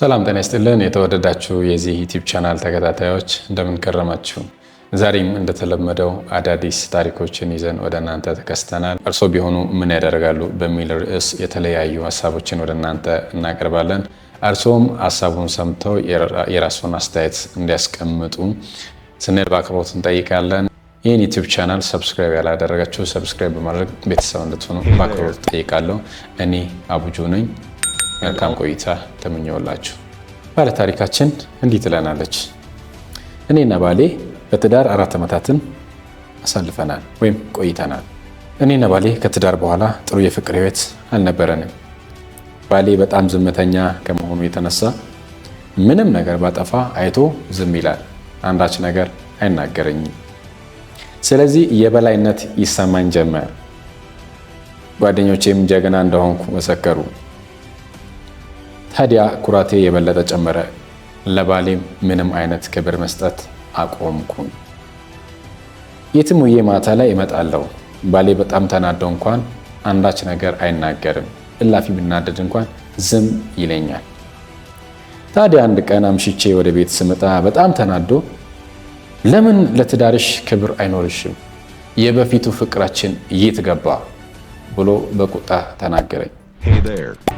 ሰላም ጤና ይስጥልን። የተወደዳችሁ የዚህ ዩቲዩብ ቻናል ተከታታዮች እንደምን ከረማችሁ? ዛሬም እንደተለመደው አዳዲስ ታሪኮችን ይዘን ወደ እናንተ ተከስተናል። እርስዎ ቢሆኑ ምን ያደርጋሉ በሚል ርዕስ የተለያዩ ሀሳቦችን ወደ እናንተ እናቀርባለን። እርሶም ሀሳቡን ሰምተው የራሱን አስተያየት እንዲያስቀምጡ ስንል በአክብሮት እንጠይቃለን። ይህን ዩቲዩብ ቻናል ሰብስክራይብ ያላደረጋችሁ ሰብስክራይብ በማድረግ ቤተሰብ እንድትሆኑ በአክብሮት እጠይቃለሁ። እኔ አቡጁ ነኝ። መልካም ቆይታ ተመኘውላችሁ። ታሪካችን እንዲህ ትለናለች። እኔና ባሌ በትዳር አራት ዓመታትን አሳልፈናል ወይም ቆይተናል። እኔና ባሌ ከትዳር በኋላ ጥሩ የፍቅር ህይወት አልነበረንም። ባሌ በጣም ዝምተኛ ከመሆኑ የተነሳ ምንም ነገር ባጠፋ አይቶ ዝም ይላል። አንዳች ነገር አይናገረኝም። ስለዚህ የበላይነት ይሰማኝ ጀመር። ጓደኞቼም ጀግና እንደሆንኩ መሰከሩ። ታዲያ ኩራቴ የበለጠ ጨመረ። ለባሌም ምንም አይነት ክብር መስጠት አቆምኩኝ። የትም ውዬ ማታ ላይ እመጣለሁ። ባሌ በጣም ተናዶ እንኳን አንዳች ነገር አይናገርም። እላፊ ብናደድ እንኳን ዝም ይለኛል። ታዲያ አንድ ቀን አምሽቼ ወደ ቤት ስመጣ በጣም ተናዶ ለምን ለትዳርሽ ክብር አይኖርሽም? የበፊቱ ፍቅራችን የት ገባ? ብሎ በቁጣ ተናገረኝ።